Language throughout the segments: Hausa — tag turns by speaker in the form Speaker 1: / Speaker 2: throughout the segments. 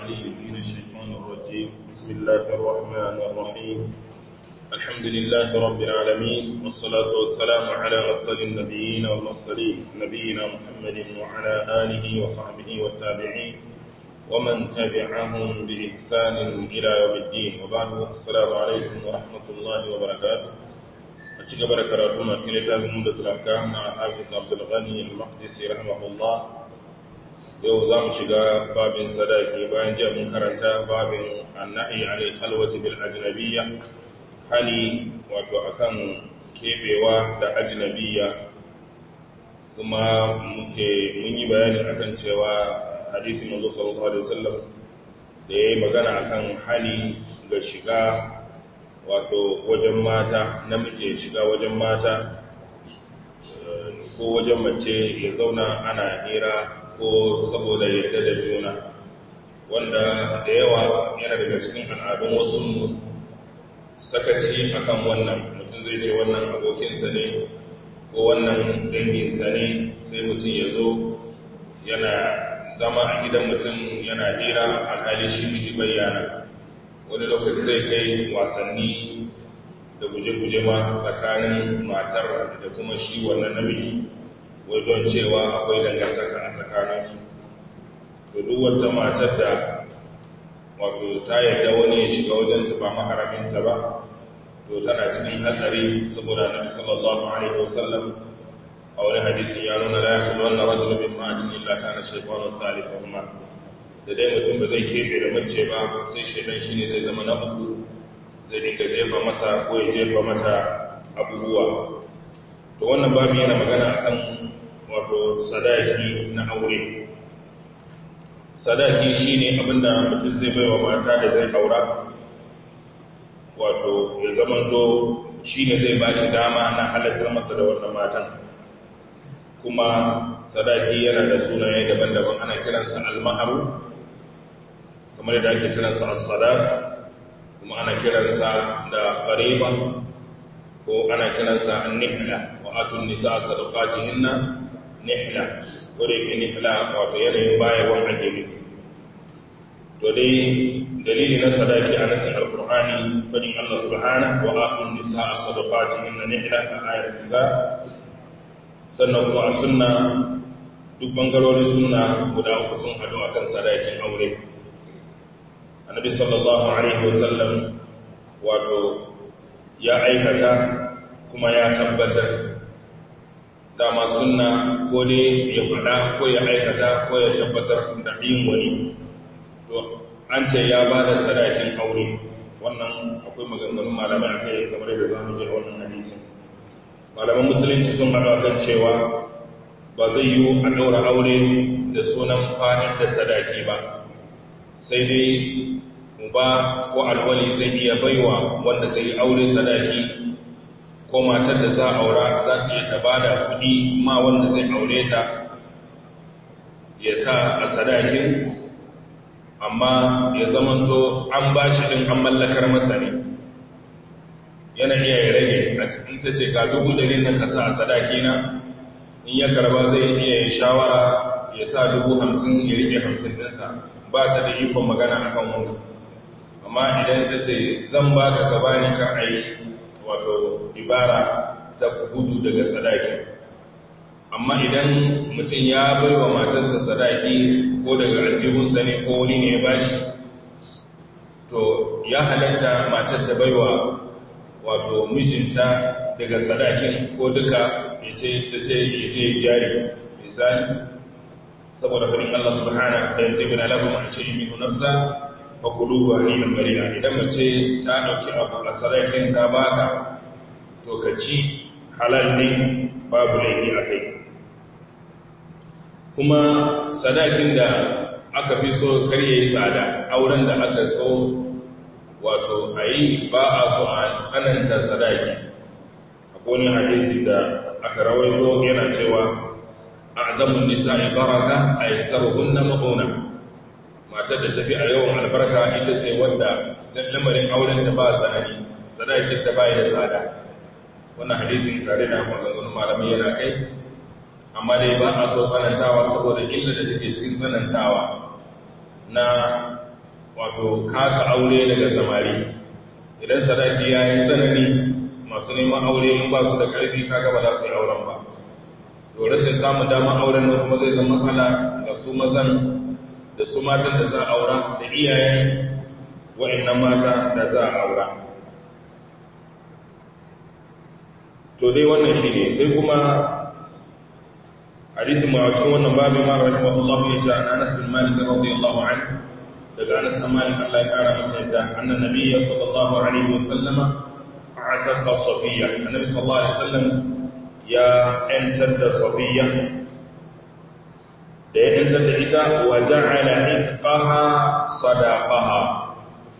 Speaker 1: العليم من الشيطان الرجيم بسم الله الرحمن الرحيم الحمد لله رب العالمين والصلاة والسلام على أفضل النبيين والمرسلين نبينا محمد وعلى آله وصحبه والتابعين ومن تبعهم بإحسان إلى يوم الدين وبعد السلام عليكم ورحمة الله وبركاته أشكر بركاته ما تكلم من الأحكام مع عبد الغني المقدسي رحمه الله yau za mu shiga babin sadaki bayan jiya mun karanta babin annahi alil khalwati bil ajnabiyya hali wato akan kebewa da ajnabiyya kuma muke mun yi bayani akan cewa hadisi manzo sallallahu alaihi wasallam da yayi magana akan hali ga shiga wato wajen mata namiji shiga wajen mata eh, ko wajen mace ya zauna ana hira ko saboda yadda da juna wanda da yawa yana daga cikin al'adun wasu sakaci a kan wannan mutum zai ce wannan abokinsa ne ko wannan danginsa ne sai mutum ya zo yana zama a gidan mutum yana hira alhali shi miji bayyana wani lokaci zai kai wasanni da guje-guje ma tsakanin matar da kuma shi wannan namiji wai don cewa akwai dangantaka a tsakaninsu da duk wata matar da wato ta yarda wani ya shiga wajen tuba maharaminta ba to tana cikin hatsari saboda annabi sallallahu alaihi wasallam a wani hadisin ya nuna ya yakhlu wannan rajulan bin ma'atin illa kana shaytanu thalithuhuma da dai mutum ba zai kebe da mace ba sai shaidan ne zai zama na uku zai dinga jefa masa ko ya jefa mata abubuwa to wannan babu yana magana akan wato sadaki na aure sadaki shine abinda mutum zai bai wa mata da zai aura wato ya zamanto shine zai ba shi dama na halattar masa da wannan matan kuma sadaki yana da sunaye daban-daban ana kiransa almaharu kamar da ake kiransa as-sadaq kuma ana kiransa da qariba ko ana kiransa an-nihla wa atun nisa sadaqatihinna nihla ko da yake nihla wato yanayin baya ake to dai dalili na sadaki a nasin alkur'ani fadin Allah subhanahu wa atun nisaa inna nihla a ayar nisa sannan kuma a sunna duk bangarorin sunna guda uku sun hadu akan sadakin aure annabi sallallahu alaihi wasallam wato ya aikata kuma ya tabbatar dama sunna ko ne ya faɗa ko ya aikata ko ya tabbatar da yin wani to an ce ya ba da sadakin aure wannan akwai maganganun malamai a kai kamar yadda za mu je wannan hadisi malaman musulunci sun haɗa kan cewa ba zai yi a ɗaura aure da sunan fanin da sadaki ba sai dai ba ko alwali zai iya baiwa wanda zai yi aure sadaki ko matar da za aura za ta iya ta ba da kuɗi ma wanda zai aure ta ya sa a sadakin amma ya zamanto an ba shi ɗin an mallakar masa ne yana iya ya rage a cikin ta ce ga dubu ɗari nan a sadaki na in ya karba zai iya yin shawara ya sa dubu hamsin ya rike hamsin ɗinsa ba ta da ikon magana kan wani amma idan ta ce zan ba ka gaba ne kar a yi wato ibara ta gudu daga sadaki amma idan mutum ya bai wa matarsa sadaki ko daga aljihunsa ne ko wani ne ya bashi to ya halatta matar ta bai wa wato mijinta daga sadakin ko duka ya ce ta ce ya je jari misali saboda faɗin Allah subhanahu wa ta'ala ta yi tabina lahum an nafsa wa kulubu haninan marina idan mace ta ɗauki abu a sadakin ta baka to ka ci halal ne babu laifi a kai kuma sadakin da aka fi so karye yi tsada auren da aka so wato a yi ba a so a tsananta sadaki a kone hadisi da aka rawaito yana cewa a adamun nisa ya baraka a yi tsarhun na ma'ona matar da tafi a yawan albarka ita ce wanda lamarin auren aurenta ba tsanani sadakin ta bai da tsada wannan hadisin tare da maganganun malamai yana kai amma dai ba a so tsanantawa saboda illa da take cikin tsanantawa na wato kasa aure daga samari idan sadaki ya yi tsanani masu neman aure in ba su da karfi kaga ba za su yi auren ba to rashin samun damar auren nan kuma zai zama hala ga su mazan da su matan da za a aura da iyayen wa'annan mata da za a aura to dai wannan shi ne sai kuma hadisin ma cikin wannan babu ma rahimahullahu ya ce anas bin malik radiyallahu anhu daga anas bin malik Allah ya kara masa yadda annan nabiyyi sallallahu alaihi wa sallama a'taqa safiya annabi sallallahu alaihi wa sallam ya antar da safiya da ya yantar da ita wa ja'ala itqaha sadaqaha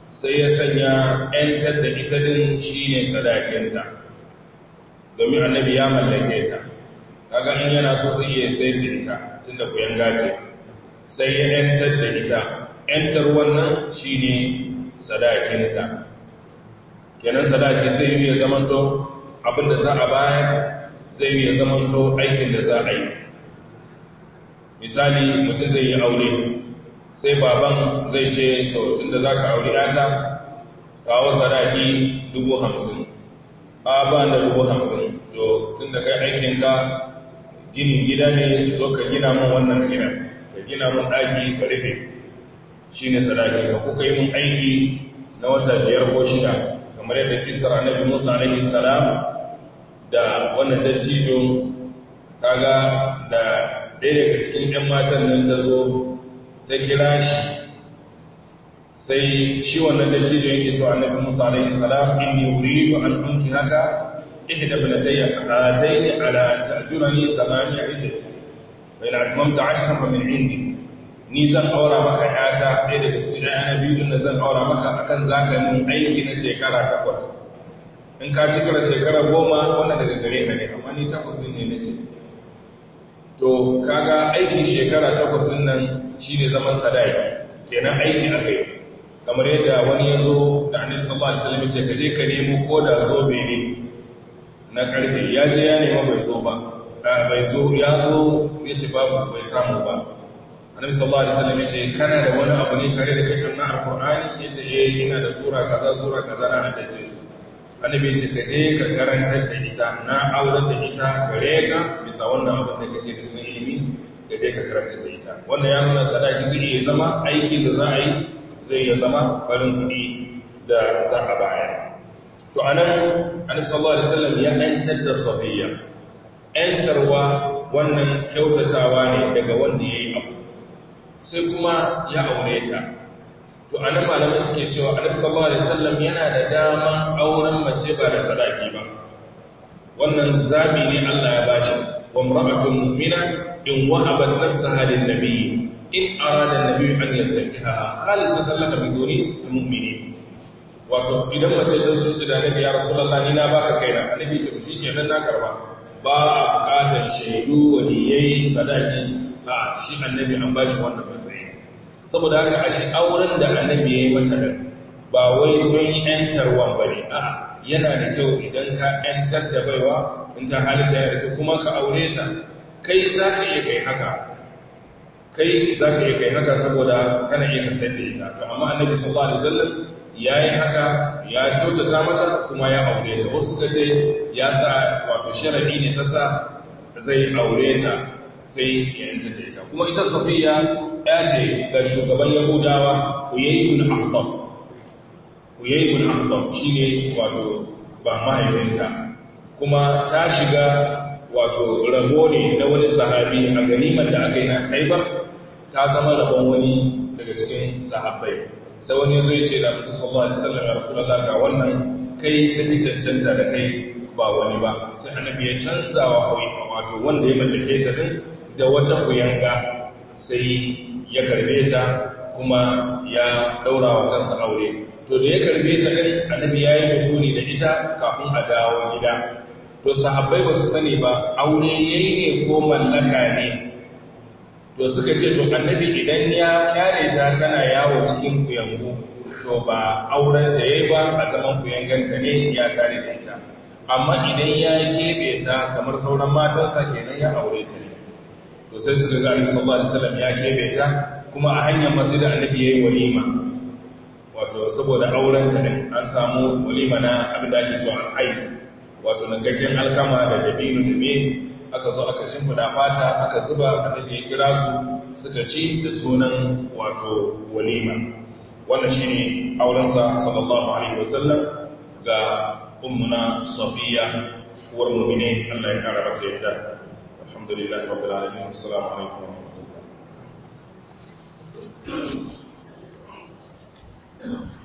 Speaker 1: sai ya sanya yantar da ita din shine sadakinta domin annabi ya mallake ta kaga in yana so zai iya sai da ita tunda ku yanga ce sai ya yantar da ita yantar wannan shine sadakinta kenan sadaki zai yi ya zamanto abinda za a bayar zai yi ya zamanto aikin da za a yi misali mutum zai yi aure sai baban zai ce to tunda za ka aure yata kawo sadaki dubu hamsin a da dubu hamsin to tunda kai aikinka gini gida ne zo ka gina min wannan gina ka gina min ɗaki ka rufe shi ne sadaki ka kuka yi mun aiki na wata biyar ko shida kamar yadda kisar annabi musa alaihi salam da wannan dattijo kaga da ɗaya daga cikin ‘yan matan nan ta zo ta kira shi sai shi wannan dattijo yake cewa annabi Musa alaihi salam inni wuri, an unki haka ihda banatayya ne ala ta'jurani thamaniya Bai na in ta 'ashra fa min 'indi ni zan aura maka yata ɗaya daga cikin ɗaya biyu da zan aura maka a kan zaganin aiki na shekara takwas in ka cikar shekara goma wannan daga gare ka ne amma ni takwas ne na ce to kaga aikin shekara takwas din nan shine zaman sadaki kenan aiki akai kamar yadda wani ya zo da annabi sallallahu alaihi wasallam ya ce kaje ka nemo ko da zobe ne na karfe ya je ya nemi bai zo ba bai zo ya zo ya ce babu bai samu ba annabi sallallahu alaihi wasallam ya ce kana da wani abu ne tare da kai kan alqur'ani ya ce eh ina da sura kaza sura kaza na da ce su annabi ce ka je ka garantar da ita na aure da ita gare ka bisa wannan abin da kake da sunan ilimi ka je ka garantar da ita wannan ya nuna sadaki zai iya zama aiki da za a yi zai iya zama farin kuɗi da za a baya to anan annabi sallallahu alaihi wasallam ya yantar da safiya yantarwa wannan kyautatawa ne daga wanda yayi abu sai kuma ya aure ta to anan malamin suke cewa annabi sallallahu alaihi wasallam yana da dama auren mace ba da sadaki ba wannan zabi ne Allah ya bashi wa mar'atun mu'mina in wahabat nafsaha lin nabiy in arada an-nabiy an yastankiha khalisatan laka min duni mu'minin wato idan mace ta su da nabi ya rasulullah ni na baka kaina annabi ce shi kenan na karba ba a bukatar shaidu waliyai sadaki a shi annabi an bashi wannan saboda haka ashe auren da annabi ya yi mata ba wai don yantarwa ba ne a yana da kyau idan ka yantar da baiwa in ta halitta ya rike kuma ka aure ta kai za ka iya kai haka kai za ka iya kai haka saboda kana iya ka sayar da to amma annabi sallallahu alaihi wasallam ya yi haka ya kyautata mata kuma ya aure ta wasu suka ce ya sa wato sharadi ne ta sa zai aure ta sai ya yanta da ita kuma ita safiya ce ga shugaban yahudawa uyayyun ahbab uyayyun ahbab shine wato ba mahaifinta kuma ta shiga wato rabo ne na wani sahabi a ganimar da aka yi na Khaibar ta zama rabon wani daga cikin sahabbai sai wani yazo ya ce da Annabi sallallahu alaihi wasallam ya Allah ga wannan kai ta fi cancanta da kai ba wani ba sai Annabi ya canzawa wato wanda ya mallake ta din da wata kuyanga sai ya karbe ta kuma ya daura wa kansa aure to da ya karbe ta din annabi yi mutuni da ita kafin a dawo gida to sahabbai ba su sani ba aure yayi ne ko mallaka ne to suka ce to annabi idan ya kyale ta tana yawo cikin kuyangu to ba auren ta yayi ba a zaman kuyanganta ne ya tare da ita amma idan ya kebe ta kamar sauran matansa kenan ya aure ta ne to sai suka ga annabi sallallahu alaihi wasallam ya kebe ta kuma a hanyar masu da annabi yayi walima wato saboda auren ta din an samu walima na abin da ake cewa al-ais wato nagakken alkama da dabino da me aka zo aka shimfida fata aka zuba annabi ya kira su suka ci da sunan wato walima wannan shine aurensa sallallahu alaihi wasallam ga ummuna safiya uwar mu'mine Allah ya karaba ta yadda alhamdulillahi rabbil alamin assalamu alaikum wa rahmatullah